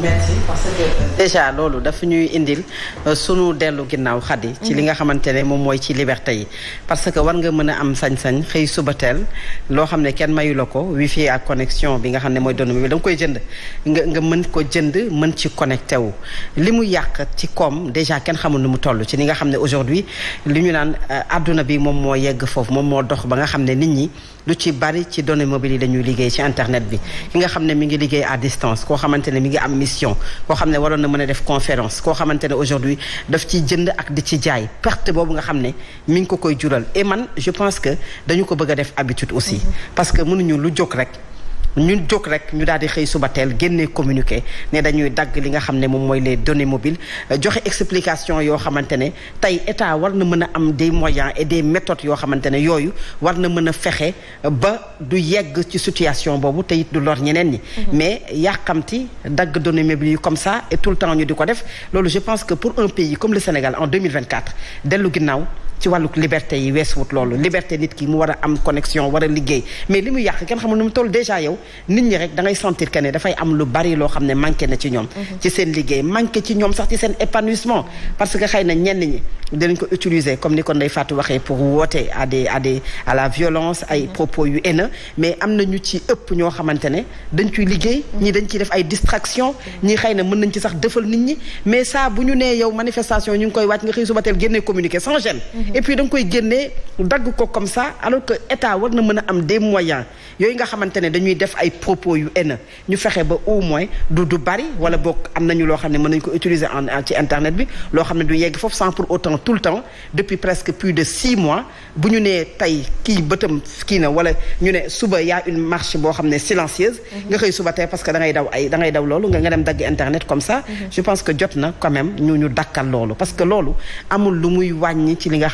metti parce que déjà loolu dafa ñuy indil euh, sunu dellu ginnaaw xadi ci li nga xamante ne moom mooy ci liberté yi parce que war nga mën a am sañ-sañ xëy suba teel loo xam ne kenn mayu la ko wifi ak connexion bi nga xam ne mooy donn bi da koy jënd nga nga mën ko jënd mën ci connecté wu li mu yàq ci koom déjà kenn xamul nu mu toll ci li nga xam ne aujourd'hui li ñu naan euh, adduna bi moom moo yegg foofu moom moo dox ba nga xam ne nit ñi lu ci bari ci données mobiles yi dañuy liggéey ci internet bi ki nga xam ne mi ngi liggéey à distance koo xamante ne mi ngi am émission koo xam ne waroon na mën a def conférence koo xamante ne aujourd'hui daf ci jënd ak di ci jaay perte boobu nga xam ne mu ngi ko koy jural e man je pense que dañu ko bëgg a def habitude aussi mm-hmm. parce que mënuñu lu jog rek ñun jóg rek ñu daal di xëy suba teel génnee communiqué ne dañuy dagg li nga xam ne moom mooy les données mobiles euh, joxe explication yoo xamante ne tey état war na mën a am des moyens et des méthodes yoo xamante ne yooyu war na mën a fexe euh, ba du yegg ci situation boobu tey it du lor ñeneen ñi. Mm-hmm. mais yàqamti dagg données mobiles yi comme ça et tout le temps ñu di ko def loolu je pense que pour un pays comme le Sénégal en dellu ginnaaw. ci wàllu liberté yi weesuwut loolu liberté nit ki mu war a am connexion war a liggéey mais li mu yàq kenn xamul nu mu toll déjà yow nit ñi rek dangay ngay sentir que ne dafay am lu bari loo xam ne manqué na ci ñoom mhm. ci seen liggéey manqué ci ñoom sax ci seen épanouissement parce que xëy na ñenn ñi dañ ko utiliser comme ni ko Ndeye Fatou waxee pour woote à des à la violence ay mhm. propos yu haineux mais am na ñu ci ëpp ñoo xamante ne dañ ciy liggéey mhm. ñi dañ ciy def ay distraction ñi xëy na mën nañ ci sax dëfal nit ñi mais saa ñu nee yow manifestation ñu ngi koy wàcc nga xëy suba teel génne communiqué et puis da koy génnee dagg ko comme ça alors que état war na mën a am des moyens yooyu nga xamante ne dañuy def ay propos yu haineux ñu fexe ba au moins du du bari wala boo am nañu loo xam ne mën nañu ko utiliser en ci internet bi loo xam ne du yegg foofu sans pour autant tout le temps depuis presque plus de six mois bu ñu nee tey kii bëtam kii na wala ñu ne suba yaa a une marche boo xam ne silencieuse mhm. nga xëy suba tey parce que da ngay daw ay da ngay daw loolu nga nga dem dagg internet comme ça mhm. je pense que jot na quand même ñu ñu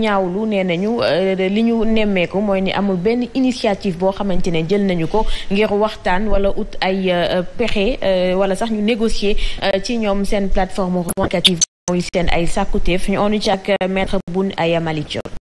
ñaawlu nee nañu euh, li ñu nemmeeku mooy ni amul benn initiative boo xamante ne jël nañu ko ngir waxtaan wala ut ay euh, pexe euh, wala sax ñu négocier ci ñoom seen plateforme revendicative mooy seen ay sàkkuteef ñu onu ci ak maître Boun Aya Malick Diop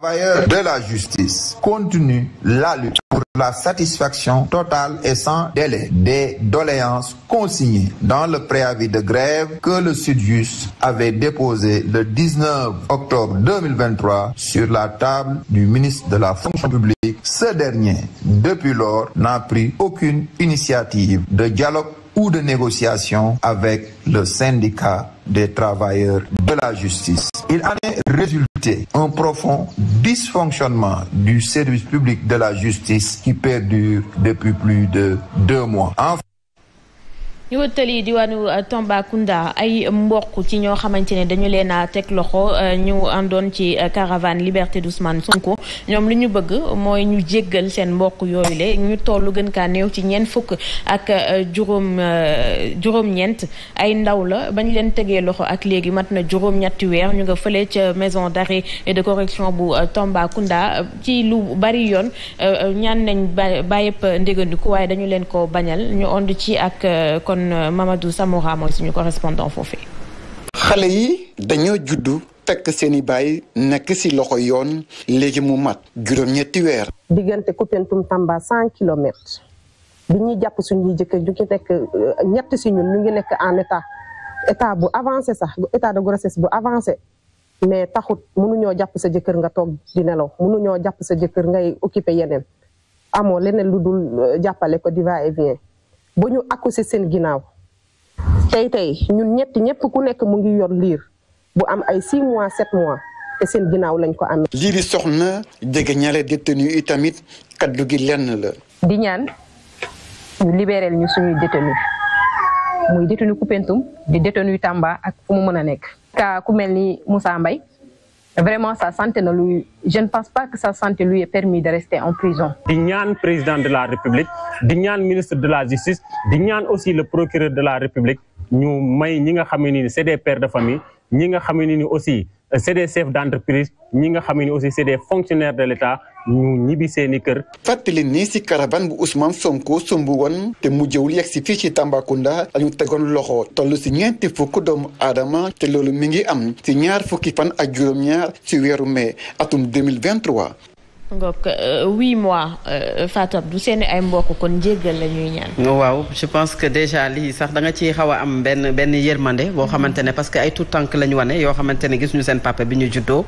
travailleurs de la justice continuent la lutte pour la satisfaction totale et sans délai des doléances consignées dans le préavis de grève que le Sudjust avait déposé le 19 octobre 2023 sur la table du ministre de la fonction publique. Ce dernier, depuis lors, n'a pris aucune de dialogue ou de négociation avec le syndicat des travailleurs de la justice. Il en est résulté un profond dysfonctionnement du service public de la justice qui perdure depuis plus de deux mois. ñu wëttali diwaanu euh, Tambacounda ay mbokk ci ñoo xamante ne dañu leen a teg loxo euh, ñu àndoon ci euh, caravane liberté d'Ousmane Sonko ñoom lu ñu bëgg mooy ñu jéggal seen mbokk yooyu le ñu tollu gën kaa néew ci ñeent fukk ak juróom juróom-ñeent ay ndaw la bañ leen tegee loxo ak léegi mat na juróom-ñetti weer ñu nga fële ca maison d'arrêt et de correction bu Tambacounda ci lu bari yoon ñaan nañ ba bàyyëpp ndégandiku waaye dañu leen ko bañal ñu ond ci ak kon kon euh, Mamadou Samoura mooy suñu correspondant foofee. xale yi dañoo juddu fekk seeni baay nekk ci loxo yoon léegi mu mat juróom-ñetti weer. diggante Koupentoum Tamba cent kilomètres bi ñuy jàpp suñuy jëkkër ñu ngi nekk euh, ñett ci ñun ngi nekk en état état bu avancé sax état de grossesse bu avancé. mais taxut mënuñoo jàpp sa jëkkër nga toog di nelaw mënuñoo jàpp sa jëkkër ngay occupé yeneen amoo leneen lu dul euh, jàppale ko di ba ñu àkku seen ginnaaw tey tey ñun ñett ñëpp ku nekk mu ngi yoon liir bu am ay 6 mois 7 mois te seen ginnaaw lañ ko am liiri soxna jege ñaale détenu yi tamit kaddu gi lenn la. di ñaan ñu libéral ñu suñuy détenu muy détenu Koupentoum di détenu Tamba ak fu mu mën a nekk. ka ku mel ni Moussa mbay vraiment sa santé na lui je ne pense pas que sa santé lui ait permis de rester en prison. di ñaan président de la république di ñaan ministre de la justice di ñaan aussi le procureur de la république ñu may ñi nga xam ne ni c'est des pères de famille ñi nga xam ne ni aussi. c'est des chefs d'entreprise ñi nga xam ne aussi c'est des fonctionnaires de l'État ñu ñibbi seeni kër. fàttali ni si caravane bu Ousmane Sonko sumb woon te mu jëwul yegg si fii ci Tambacounda ñu tegoon loxo toll si ñeenti fukk doomu aadama te loolu mi ngi am ci ñaar fukki fan ak juróom-ñaar si weeru mai atum 2023 donc euh, huit mois euh, Fatou Abdou seen ay mbokk kon jéggal la ñuy ñaan. waaw je pense que déjà lii sax danga nga ciy xaw a am benn benn yërmande boo xamante ne parce que ay tout tànk la ñu wane yoo xamante ne gisuñu seen papa bi ñu juddoo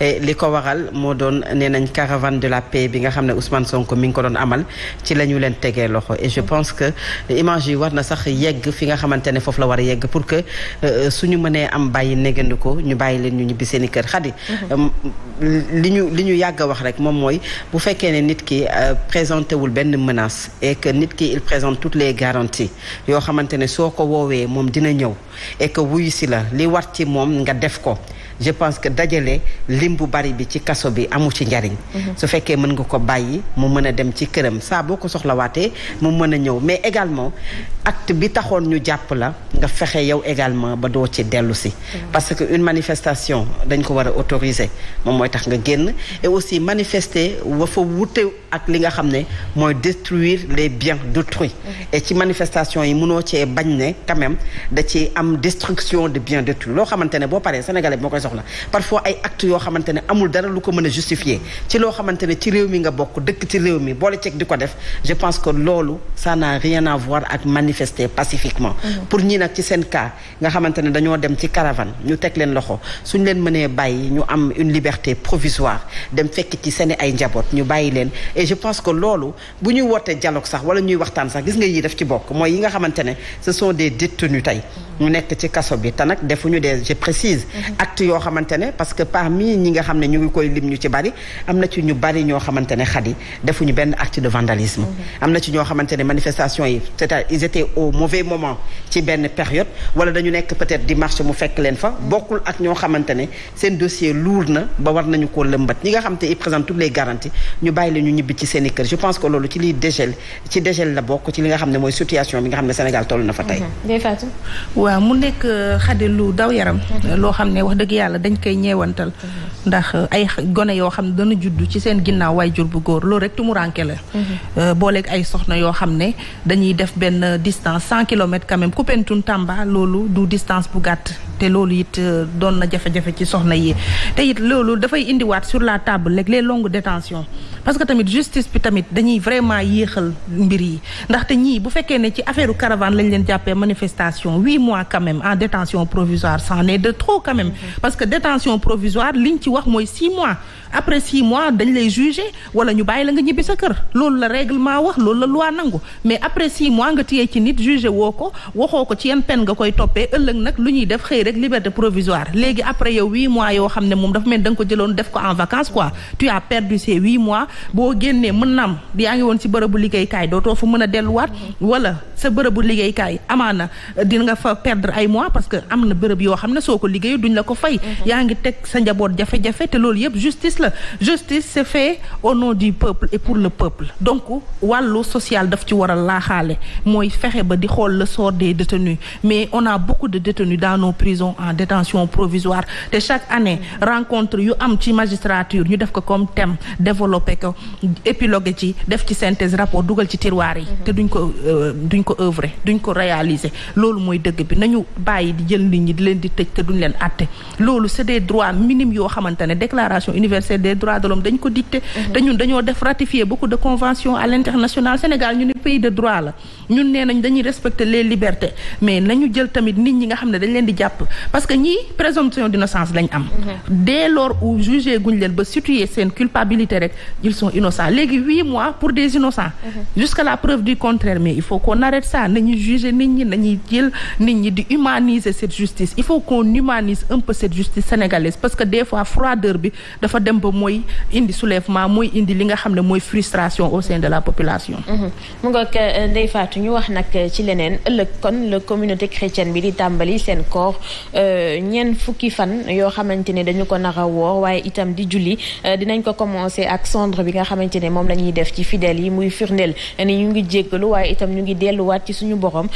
li ko waxal moo doon nee nañ caravane de la paix bi nga xam ne Ousmane Sonko mi ngi ko doon amal ci la ñu leen tegee loxo et je pense que image yi war na sax yegg fi nga xamante ne foofu la war a yegg pour que euh, suñu mënee am bàyyi négandiku ñu bàyyi leen ñu ñibbi seen i kër xadi mm-hmm. mooy bu fekkee ne nit ki euh, présenté wul benn menace et que nit ki il présente toutes les garanties yoo xamante ne soo ko woowee moom dina ñëw et que wuyu si la li war ci moom nga def ko je pense que dajale lim bu bari bi ci kaso bi amu ci njariñ mhm. su fekkee mën nga ko bàyyi mu mën a dem ci këram saa boo ko soxlawaatee mu mën a ñëw mais également acte bi taxoon ñu jàpp la nga fexe yow également ba doo ci dellu si mhm. parce que une manifestation dañ ko war a autoriser moom mooy tax nga génn et aussi manifester wa fa wute ak li nga xam ne mooy détruire les biens d'autrui mhm. et ci manifestation yi mënoo cee bañ ne quand da ci am destruction de biens loo xamante ne boo paree soxla parfois ay actes yoo xamante amul dara lu ko mën a justifier ci loo xamante ne ci réew mi nga bokk dëkk ci réew mi boole ceeg di ko def je pense que loolu ça n'a rien à voir ak manifester pacifiquement mhm. pour ñii nag ci seen cas nga xamante ne dañoo dem ci caravane ñu teg leen loxo suñ leen mënee bàyyi ñu am une liberté provisoire dem fekk ci seen ay njaboot ñu bàyyi leen et je pense que loolu bu ñuy wootee dialogue sax wala ñuy waxtaan sax gis nga yi def ci bokk mooy yi nga xamante ne ce sont des détenus ñu nekk yoo xamante ne parce que parmi ñi nga xam ne ñu ngi koy lim ñu ci bari am na ci ñu bari ñoo xamante ne xadi defuñu benn acte de vandalisme. am na ci ñoo xamante ne manifestation yi c'est-à-dire ils au mauvais moment ci benn période wala dañu nekk peut di marché mu fekk leen fa bokkul ak ñoo xamante seen dossier lourd na ba war nañu koo lëmbat ñi nga xam te ils présentent toutes les garanties ñu bàyyi la ñibbi ci seen i kër je pense que loolu ci liy dégel ci dégel la bokk ci li nga xam ne mooy situation bi yàlla dañ koy ñeewantal ndax ay gone yoo xam ne dana juddu ci seen ginnaaw waajur bu góor loolu rek tumuranke la mhm. euh, booleeg ay soxna yoo xam ne dañuy def benn distance cent kilomètres quand même Koupentoun Tamba loolu du distance bu gàtt te loolu it euh, doon na jafe-jafe ci soxna yi te it loolu dafay indiwaat sur la table léegi les longues détentions parce que tamit justice bi tamit dañuy vraiment yéexal mbir yi ndaxte ñii bu fekkee ne ci affaire caravane lañ leen jàppee manifestation huit mois quand même en détention provisoire c'en est de trop quand même mm-hmm. parce que détention provisoire liñ ci wax mooy six mois après six mois dañ lay juger wala ñu bàyyi la nga ñibbi sa kër loolu la règlement wax loolu la loi nangu mais après six mois nga téye ci nit juger woo ko waxoo ko ci yan peine nga koy toppee ëllëg nag lu ñuy def xëy rek liberté provisoire léegi après yow huit mois yoo xam ne moom dafa mel da nga ko jëloon def ko en vacances quoi tu perdu ces huit mois boo génnee mën naam yaa ngi woon ci bërëbu liggéeykaay dootoo fa mën a delluwaat wala sa bërëbu liggéeykaay amaana dina nga fa perdre ay mois parce que am na bërëb yoo xam ne soo ko liggéeyu duñ la ko fay mm-hmm. yaa ngi teg sa njaboot jafe-jafe yëpp la justice c'est fait au nom du peuple et pour le peuple donc wàllu social daf ci war laaxaale mooy fexe ba di xool le sort des détenus mais on a beaucoup de détenus dans nos prisons en détention provisoire te chaque année rencontre yu am ci magistrature ñu def ko comme thème développé ko épilogué ci def ci synthèse rapport dugal ci tiroir yi te duñ ko euh, duñ ko œuvrer duñ ko réaliser loolu mooy dëgg bi nañu bàyyi jël nit ñi leen di tëj te duñ leen àtte loolu c'est universelle des droits de l'homme dañ ko dicté mhm. te ñun dañoo def ratifier beaucoup de conventions à l'international Sénégal ñu ne pays de droit la ñun nee nañ dañuy respecter les libertés mais nañu jël tamit nit ñi nga xam ne dañ leen di jàpp parce que ñii présomption d'innocence lañ am mhm. dès lors où jugé guñ leen ba situer seen culpabilité rek ils sont innocents léegi huit mois pour des innocents mhm. jusqu'à la preuve du contraire mais il faut qu'on arrête ça nañu juger lëmb mooy indi soulèvement mooy indi li nga xam ne mooy frustration au sein de la population. Mhm. mu ngoog euh, Ndeye Fatou ñu wax nag euh, ci leneen ëllëg kon la communauté chrétienne bi di tàmbali seen koor euh, ñeent fukki fan yoo xamante ne dañu ko nar a woor waaye itam di julli dinañ ko commencer ak cendre bi nga xamante ne moom la ñuy def ci fidèles yi muy firndeel ni ñu ngi jéggalu waaye itam ñu ngi delluwaat ci suñu borom.